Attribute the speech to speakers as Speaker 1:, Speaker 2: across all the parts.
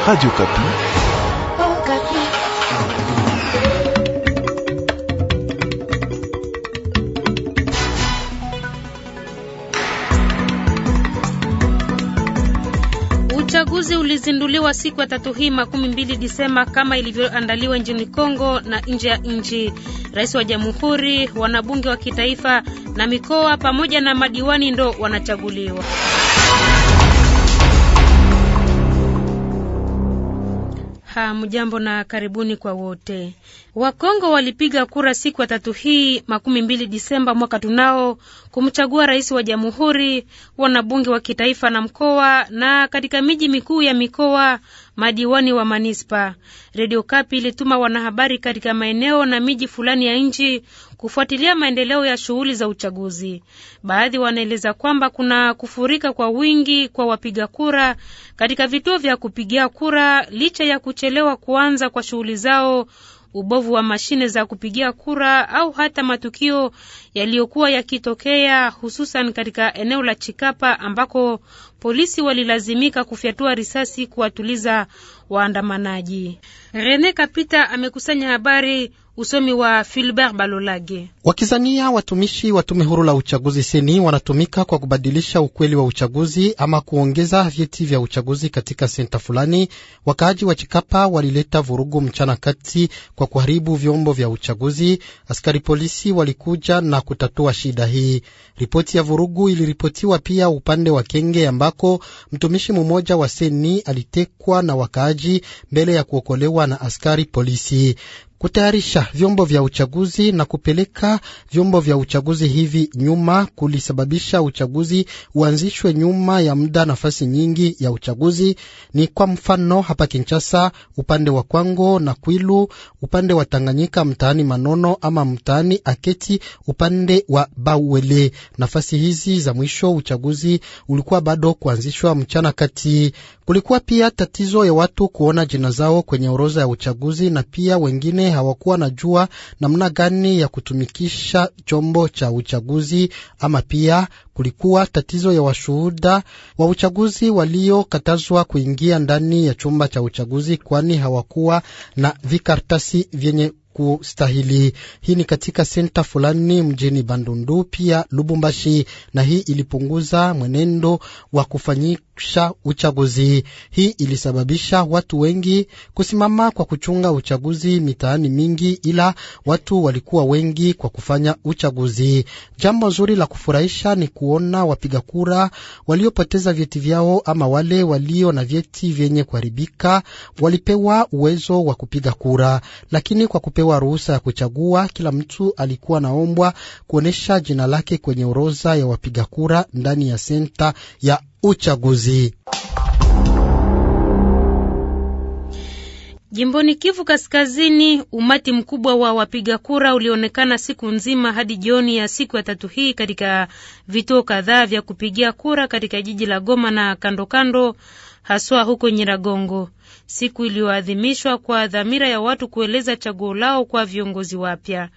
Speaker 1: Radio Kapi.
Speaker 2: Oh, Kapi. Uchaguzi ulizinduliwa siku ya tatu hii makumi mbili Disemba kama ilivyoandaliwa nchini Kongo na nje ya nchi. Rais wa Jamhuri, wanabunge wa kitaifa na mikoa pamoja na madiwani ndo wanachaguliwa. Hamjambo na karibuni kwa wote. Wakongo walipiga kura siku ya tatu hii makumi mbili Disemba mwaka tunao kumchagua rais wa jamhuri, wanabunge wa kitaifa na mkoa, na katika miji mikuu ya mikoa madiwani wa manispa. Redio Kapi ilituma wanahabari katika maeneo na miji fulani ya nchi kufuatilia maendeleo ya shughuli za uchaguzi. Baadhi wanaeleza kwamba kuna kufurika kwa wingi kwa wapiga kura katika vituo vya kupigia kura licha ya kuchelewa kuanza kwa shughuli zao ubovu wa mashine za kupigia kura au hata matukio yaliyokuwa yakitokea hususan katika eneo la Chikapa ambako polisi walilazimika kufyatua risasi kuwatuliza waandamanaji. Rene Kapita amekusanya habari Usomi wa Filbert Balolage.
Speaker 3: Wakizania watumishi wa tume huru la uchaguzi seni wanatumika kwa kubadilisha ukweli wa uchaguzi ama kuongeza vyeti vya uchaguzi katika senta fulani, wakaaji wa Chikapa walileta vurugu mchana kati kwa kuharibu vyombo vya uchaguzi. Askari polisi walikuja na kutatua shida hii. Ripoti ya vurugu iliripotiwa pia upande wa Kenge ambako mtumishi mmoja wa seni alitekwa na wakaaji mbele ya kuokolewa na askari polisi. Kutayarisha vyombo vya uchaguzi na kupeleka vyombo vya uchaguzi hivi nyuma kulisababisha uchaguzi uanzishwe nyuma ya muda. Nafasi nyingi ya uchaguzi ni kwa mfano hapa Kinshasa upande wa Kwango na Kwilu, upande wa Tanganyika mtaani Manono ama mtaani Aketi, upande wa Bawele. Nafasi hizi za mwisho uchaguzi ulikuwa bado kuanzishwa mchana kati. Kulikuwa pia tatizo ya watu kuona jina zao kwenye orodha ya uchaguzi na pia wengine hawakuwa na jua namna gani ya kutumikisha chombo cha uchaguzi, ama pia kulikuwa tatizo ya washuhuda wa uchaguzi waliokatazwa kuingia ndani ya chumba cha uchaguzi, kwani hawakuwa na vikartasi vyenye kustahili. Hii ni katika senta fulani mjini Bandundu, pia Lubumbashi, na hii ilipunguza mwenendo wa kufanyisha uchaguzi. Hii ilisababisha watu wengi kusimama kwa kuchunga uchaguzi mitaani mingi, ila watu walikuwa wengi kwa kufanya uchaguzi. Jambo zuri la kufurahisha ni kuona wapiga kura waliopoteza vyeti vyao ama wale walio na vyeti vyenye kuharibika walipewa uwezo wa kupiga kura, lakini kwa kupiga hakupewa ruhusa ya kuchagua. Kila mtu alikuwa naombwa kuonyesha jina lake kwenye orodha ya wapiga kura ndani ya senta ya uchaguzi.
Speaker 2: Jimboni Kivu Kaskazini, umati mkubwa wa wapiga kura ulionekana siku nzima hadi jioni ya siku ya tatu hii katika vituo kadhaa vya kupigia kura katika jiji la Goma na kandokando kando haswa huko Nyiragongo, siku iliyoadhimishwa kwa dhamira ya watu kueleza chaguo lao kwa viongozi wapya.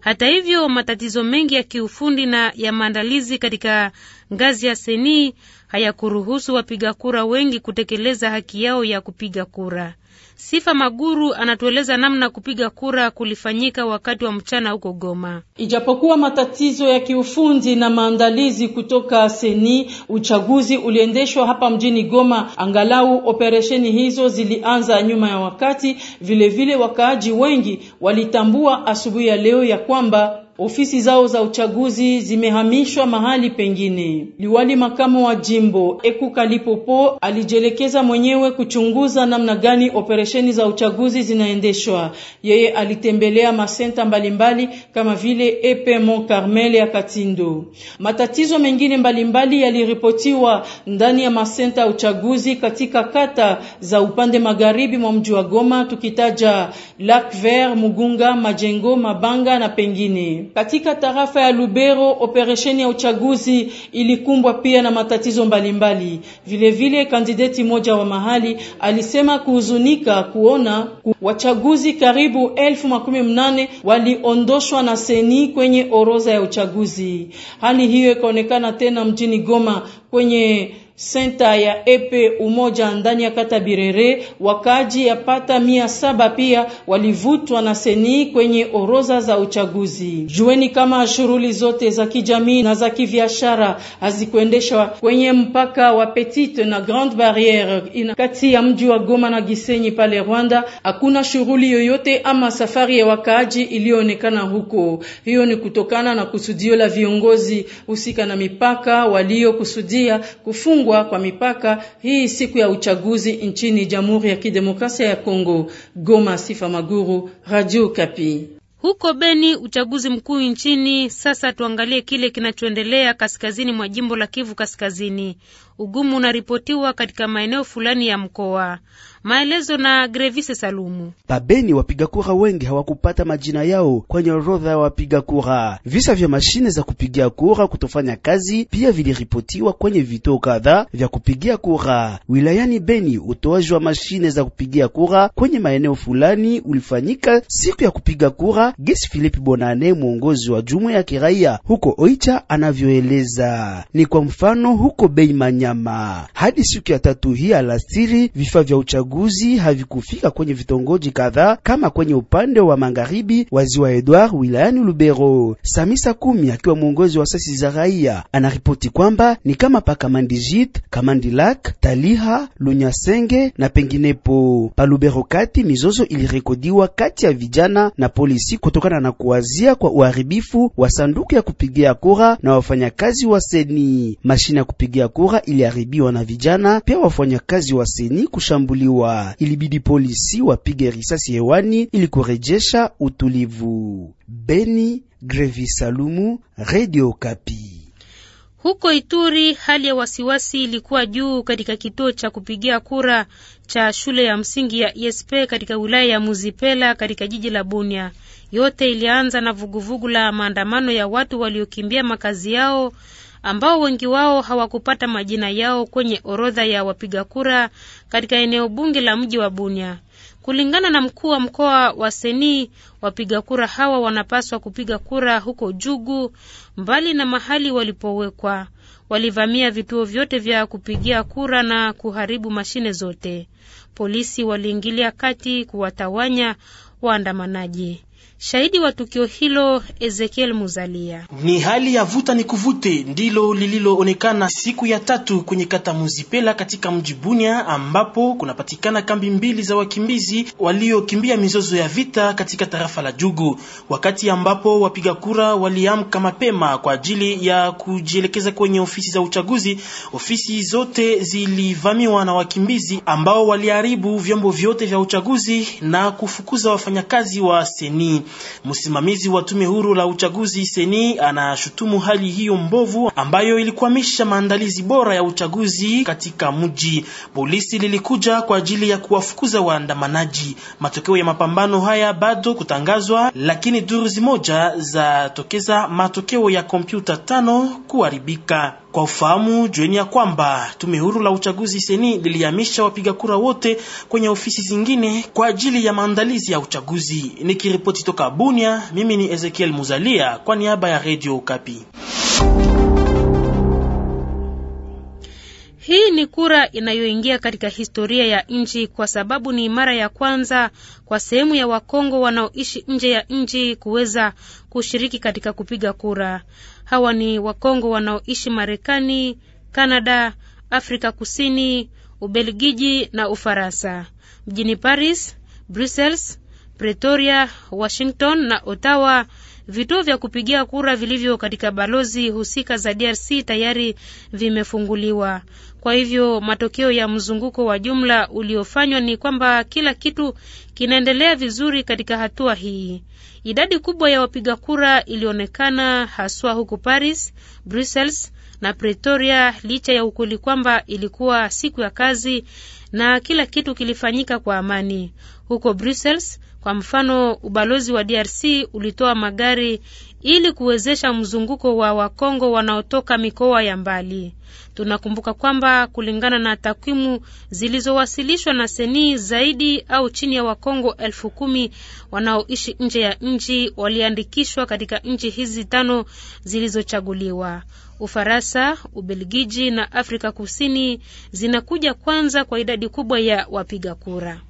Speaker 2: Hata hivyo, matatizo mengi ya kiufundi na ya maandalizi katika ngazi ya senii hayakuruhusu wapiga kura wengi kutekeleza haki yao ya kupiga kura. Sifa Maguru anatueleza namna kupiga kura kulifanyika wakati wa mchana huko Goma.
Speaker 4: Ijapokuwa matatizo ya kiufundi na maandalizi kutoka seni, uchaguzi uliendeshwa hapa mjini Goma. Angalau operesheni hizo zilianza nyuma ya wakati. Vilevile, wakaaji wengi walitambua asubuhi ya leo ya kwamba ofisi zao za uchaguzi zimehamishwa mahali pengine. Liwali makamu wa jimbo Eku Kalipopo alijielekeza mwenyewe kuchunguza namna gani operesheni za uchaguzi zinaendeshwa. Yeye alitembelea masenta mbalimbali kama vile Epe Mont Carmel ya Katindo. Matatizo mengine mbalimbali yaliripotiwa ndani ya masenta ya uchaguzi katika kata za upande magharibi mwa mji wa Goma, tukitaja Lac Vert, Mugunga, Majengo, Mabanga na pengine. Katika tarafa ya Lubero, operesheni ya uchaguzi ilikumbwa pia na matatizo mbalimbali. Vilevile, kandideti moja wa mahali alisema kuhuzunika kuona wachaguzi karibu elfu makumi mnane waliondoshwa na seni kwenye orodha ya uchaguzi. Hali hiyo ikaonekana tena mjini Goma kwenye senta ya epe umoja ndani ya kata Birere, wakaji pata mia saba pia walivutwa na seni kwenye oroza za uchaguzi. Jueni kama shughuli zote za kijamii na za kibiashara hazikuendeshwa kwenye mpaka wa Petite na Grande Barriere ina kati ya mji wa Goma na Gisenyi pale Rwanda. Hakuna shughuli yoyote ama safari ya wakaaji iliyoonekana huko. Hiyo ni kutokana na kusudio la viongozi husika na mipaka waliokusudia kufungwa kufungwa kwa mipaka hii siku ya uchaguzi nchini Jamhuri ya Kidemokrasia ya Kongo. Goma, Sifa Maguru, Radio Kapi.
Speaker 2: Huko Beni, uchaguzi mkuu nchini. Sasa tuangalie kile kinachoendelea kaskazini mwa jimbo la Kivu Kaskazini. Ugumu unaripotiwa katika maeneo fulani ya mkoa. Maelezo na Grevise Salumu.
Speaker 5: Pabeni wapiga kura wengi hawakupata majina yao kwenye orodha ya wapiga kura. Visa vya mashine za kupigia kura kutofanya kazi pia viliripotiwa kwenye vituo kadhaa vya kupigia kura wilayani Beni. Utoaji wa mashine za kupigia kura kwenye maeneo fulani ulifanyika siku ya kupiga kura, gesi Philippe Bonane, mwongozi wa jumuiya ya kiraia huko Oicha, anavyoeleza. Ni kwa mfano huko bei Manyama, hadi siku ya tatu hii alasiri vifaa vya uchaguzi uchaguzi havikufika kwenye vitongoji kadhaa kama kwenye upande wa magharibi wa ziwa Edward wilayani Lubero. Samisa Kumi akiwa mwongozi wa sasi za raia anaripoti kwamba ni kama pa kamandi Kamandilak, Taliha, Lunyasenge na penginepo. Pa Lubero kati mizozo ilirekodiwa kati ya vijana na polisi kutokana na kuwazia kwa uharibifu wa sanduku ya kupigia kura na wafanyakazi wa seni. Mashine ya kupigia kura iliharibiwa na vijana pia wafanyakazi wa seni kushambuliwa kuwa ilibidi polisi wapige risasi hewani ili kurejesha utulivu. Beni, Grevi Salumu, Radio Kapi.
Speaker 2: Huko Ituri hali ya wasiwasi ilikuwa juu katika kituo cha kupigia kura cha shule ya msingi ya esp katika wilaya ya Muzipela katika jiji la Bunia. Yote ilianza na vuguvugu la maandamano ya watu waliokimbia makazi yao ambao wengi wao hawakupata majina yao kwenye orodha ya wapiga kura katika eneo bunge la mji wa Bunia. Kulingana na mkuu wa mkoa wa Seni, wapiga kura hawa wanapaswa kupiga kura huko Jugu, mbali na mahali walipowekwa. Walivamia vituo vyote vya kupigia kura na kuharibu mashine zote. Polisi waliingilia kati kuwatawanya waandamanaji. Shahidi wa tukio hilo Ezekiel Muzalia.
Speaker 1: Ni hali ya vuta ni kuvute ndilo lililoonekana siku ya tatu kwenye kata Muzipela katika mji Bunia, ambapo kunapatikana kambi mbili za wakimbizi waliokimbia mizozo ya vita katika tarafa la Jugu, wakati ambapo wapiga kura waliamka mapema kwa ajili ya kujielekeza kwenye ofisi za uchaguzi. Ofisi zote zilivamiwa na wakimbizi ambao waliharibu vyombo vyote vya uchaguzi na kufukuza wafanyakazi wa seni. Msimamizi wa tume huru la uchaguzi Seni anashutumu hali hiyo mbovu ambayo ilikwamisha maandalizi bora ya uchaguzi katika mji. Polisi lilikuja kwa ajili ya kuwafukuza waandamanaji. Matokeo ya mapambano haya bado kutangazwa, lakini duru moja zatokeza matokeo ya kompyuta tano kuharibika. Kwa ufahamu jueni ya kwamba tume huru la uchaguzi seni lilihamisha wapiga kura wote kwenye ofisi zingine kwa ajili ya maandalizi ya uchaguzi. Nikiripoti toka Bunia, mimi ni Ezekiel Muzalia kwa niaba ya Radio Okapi.
Speaker 2: Hii ni kura inayoingia katika historia ya nchi kwa sababu ni mara ya kwanza kwa sehemu ya Wakongo wanaoishi nje ya nchi kuweza kushiriki katika kupiga kura. Hawa ni Wakongo wanaoishi Marekani, Kanada, Afrika Kusini, Ubelgiji na Ufaransa. Mjini Paris, Brussels, Pretoria, Washington na Ottawa vituo vya kupigia kura vilivyo katika balozi husika za DRC tayari vimefunguliwa. Kwa hivyo matokeo ya mzunguko wa jumla uliofanywa ni kwamba kila kitu kinaendelea vizuri katika hatua hii. Idadi kubwa ya wapiga kura ilionekana haswa huko Paris, Brussels na Pretoria, licha ya ukweli kwamba ilikuwa siku ya kazi na kila kitu kilifanyika kwa amani. Huko Brussels, kwa mfano, ubalozi wa DRC ulitoa magari ili kuwezesha mzunguko wa Wakongo wanaotoka mikoa ya mbali. Tunakumbuka kwamba kulingana na takwimu zilizowasilishwa na Seni, zaidi au chini ya Wakongo elfu kumi wanaoishi nje ya nchi waliandikishwa katika nchi hizi tano zilizochaguliwa. Ufaransa, Ubelgiji na Afrika Kusini zinakuja kwanza kwa idadi kubwa ya wapiga kura.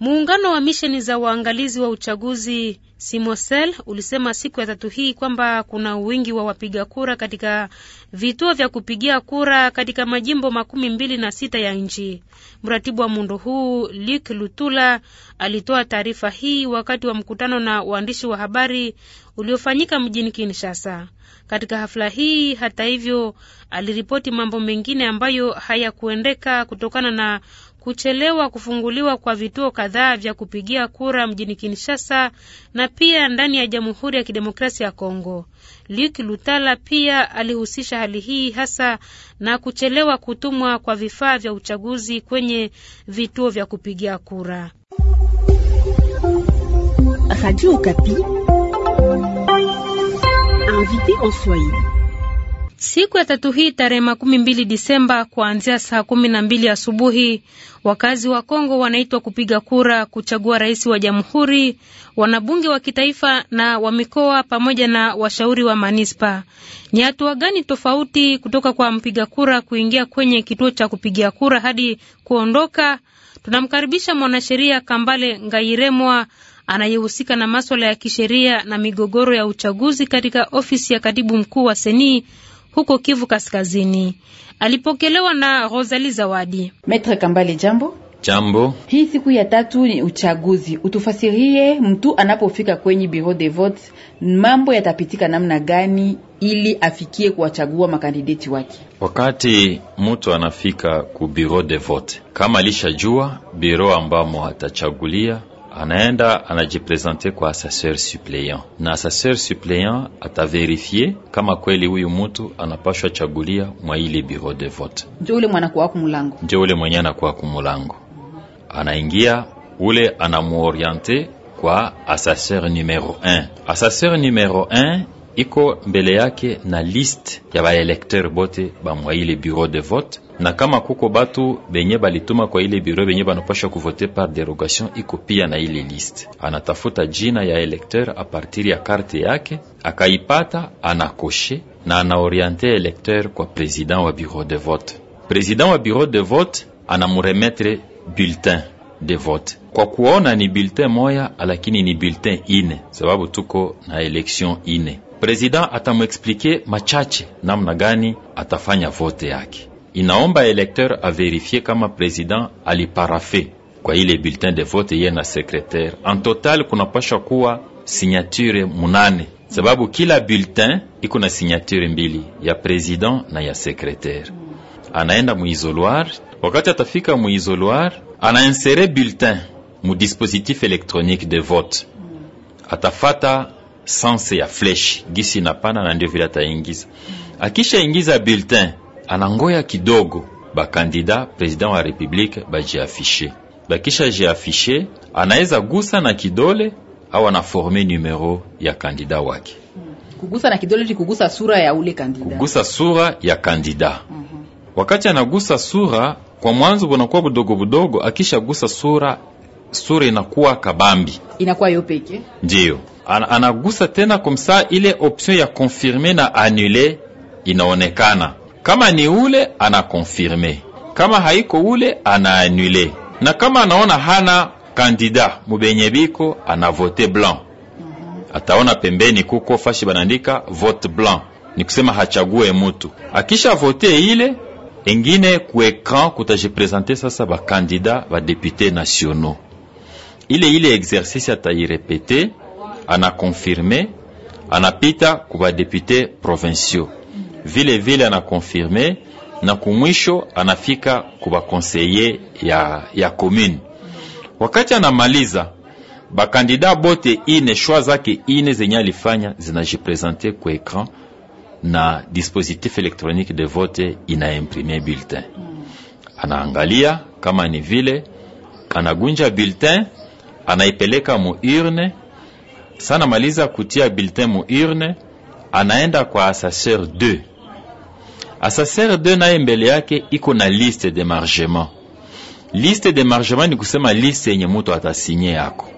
Speaker 2: Muungano wa misheni za waangalizi wa uchaguzi Simosel ulisema siku ya tatu hii kwamba kuna wingi wa wapiga kura katika vituo vya kupigia kura katika majimbo makumi mbili na sita ya nchi. Mratibu wa muundo huu luk Lutula alitoa taarifa hii wakati wa mkutano na waandishi wa habari uliofanyika mjini Kinshasa. Katika hafla hii, hata hivyo, aliripoti mambo mengine ambayo hayakuendeka kutokana na kuchelewa kufunguliwa kwa vituo kadhaa vya kupigia kura mjini Kinshasa na pia ndani ya Jamhuri ya Kidemokrasia ya Kongo. luk Lutala pia alihusisha hali hii hasa na kuchelewa kutumwa kwa vifaa vya uchaguzi kwenye vituo vya kupigia kura invité en Swahili. Siku ya tatu hii tarehe makumi mbili Disemba kuanzia saa kumi na mbili asubuhi wakazi wa Kongo wanaitwa kupiga kura kuchagua rais wa jamhuri, wanabunge wa kitaifa na wa mikoa pamoja na washauri wa manispa. Ni hatua gani tofauti kutoka kwa mpiga kura kuingia kwenye kituo cha kupigia kura hadi kuondoka? Tunamkaribisha mwanasheria Kambale Ngairemwa anayehusika na maswala ya kisheria na migogoro ya uchaguzi katika ofisi ya katibu mkuu wa seni huko Kivu Kaskazini. Alipokelewa na Rosali Zawadi. Metre Kambale, jambo. Jambo. Hii siku ya tatu ni uchaguzi, utufasirie mtu anapofika kwenye bureau de vote, mambo yatapitika namna gani ili afikie kuwachagua makandideti wake?
Speaker 6: Wakati mtu anafika ku bureau de vote, kama alishajua bureau ambamo atachagulia anaenda anajipresente kwa assesseur suppléant na assesseur suppléant ataverifie kama kweli huyu mtu anapashwa chagulia mwa ile bureau de vote.
Speaker 2: Ndio ule mwanakuwa kumulango,
Speaker 6: ndio ule mwenye anakuwa kumulango, anaingia ule anamuoriente kwa assesseur numero 1. Assesseur numero 1 iko mbele yake na liste ya baelekter bote bamwa ile bureau de vote, na kama kuko batu benye balituma kwa ile bureau benye banapasha kuvote par derogation, iko pia na ile liste. Anatafuta jina ya elekteur a partir ya karte yake, akaipata anakoshe na anaoriente elekteur kwa president wa bureau de vote. President wa bureau de vote anamuremetre bulletin de vote kwa kuona ni bulletin moya, lakini ni bulletin ine, sababu tuko na election ine. Prezida atamwexplike machache namna gani atafanya vote yake. Inaomba elekteur averifie kama prezida aliparafe kwa ile bulletin de vote ye na sekretari. En total kunapasha kuwa signature munane, sababu kila bulletin iko na signature mbili, ya prezida na ya sekretari. Anaenda muizoloir, wakati atafika muizoloir anainsere bulletin mu dispositif électronique de vote, atafata sense ya fleshi gisi inapana na ndio vile ataingiza. ingiza bulletin anangoya kidogo bakandida president wa republike bajiafishe, bakisha jiafishe anaweza gusa na kidole au anaforme numero ya kandida wake.
Speaker 2: Kugusa na kidole ni kugusa sura ya ule kandida, kugusa
Speaker 6: sura ya kandida. Mm -hmm. Wakati anagusa sura kwa mwanzo bunakuwa budogo budogo, akisha gusa sura sura inakuwa kabambi,
Speaker 2: inakuwa hiyo peke
Speaker 6: ndiyo anagusa tena komsa, ile option ya confirmer na annuler inaonekana. Kama ni ule ana confirmer, kama haiko ule ana annuler, na kama anaona hana kandida mubenye biko ana vote blanc. Mhm. Ataona pembeni kuko fashi banandika vote blanc, ni kusema hachague mutu. Akisha vote ile engine ku ekran kutajipresente sasa bakandida badepute nationaux ile ile exercice atairepete, anakonfirme, anapita kuba depute provinciaux, vile vile anakonfirme na kumwisho anafika kuba conseiller ya, ya commune. Wakati anamaliza bakandida bote ine shwa zake ine zenye alifanya zinajipresente ku ekran na dispositif elektronique de vote ina imprime bulletin, anaangalia kama ni vile, anagunja bulletin anaipeleka muurne. Sana maliza kutia bulletin muurne, anaenda kwa assesseur 2. Assesseur 2 naye mbele yake iko na liste de margement. Liste de margement ni kusema liste yenye mtu atasinye yako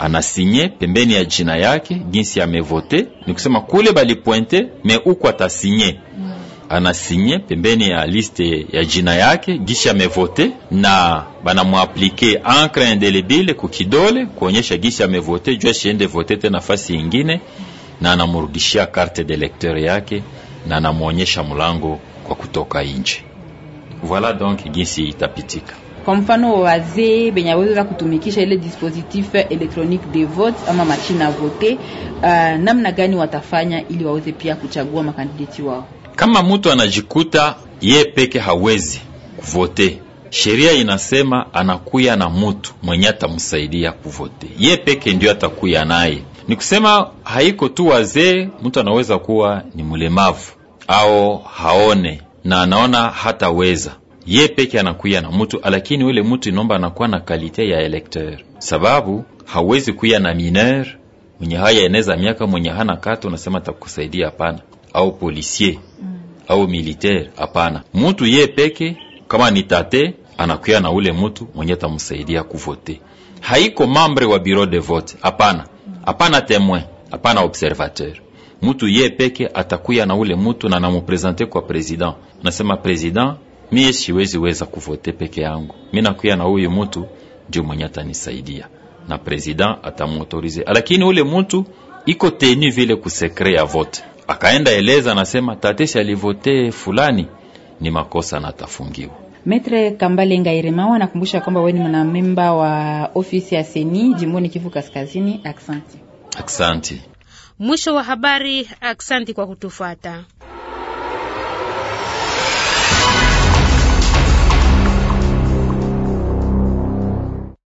Speaker 6: anasinye pembeni ya jina yake jinsi amevote, ni kusema kule balipointe me uko atasinye mm anasinye pembeni ya liste ya jina yake gisha amevote, na banamwaplike encre indelebile kukidole kuonyesha gisha amevote juu ashiende vote tena fasi yingine, na anamurudishia karte de d'électeur yake na anamwonyesha mlango kwa kutoka nje. Voila donc gisi itapitika
Speaker 2: kwa mfano wazee benye awezeza kutumikisha ile dispositif electronique de vote ama machine à voter, uh, namna gani watafanya ili waweze pia kuchagua makandidati wao?
Speaker 6: Kama mtu anajikuta ye peke hawezi kuvote, sheria inasema anakuya na mutu mwenye atamsaidia kuvote, ye peke ndio atakuya naye. Ni kusema haiko tu wazee, mtu anaweza kuwa ni mlemavu au haone na anaona hataweza ye peke anakuya na mutu, lakini ule mutu inomba anakuwa na kalite ya elekteur, sababu hawezi kuya na mineur mwenye haya eneza miaka mwenye hana kato, unasema takusaidia? Hapana, au polisie mm. au militaire. Hapana, mutu ye peke, kama ni tate anakuya na ule mutu mwenye tamsaidia kuvote. Haiko mambre wa bureau de vote, hapana, hapana temoin, hapana observateur. Mutu ye peke atakuya na ule mutu na namupresente kwa president, nasema president, mie siwezi weza kuvote peke yangu, mi nakuya na huyu mutu ndio mwenye atanisaidia na president atamuautorize, lakini ule mutu iko tenu vile kusekre ya vote akaenda eleza, anasema tatesha alivote fulani ni makosa na tafungiwa.
Speaker 2: Metre Kambale Ngairemawa anakumbusha kwamba wewe ni mwanamemba wa ofisi ya seni jimboni Kivu Kaskazini. Aksanti,
Speaker 6: aksanti.
Speaker 2: Mwisho wa habari. Aksanti kwa kutufuata.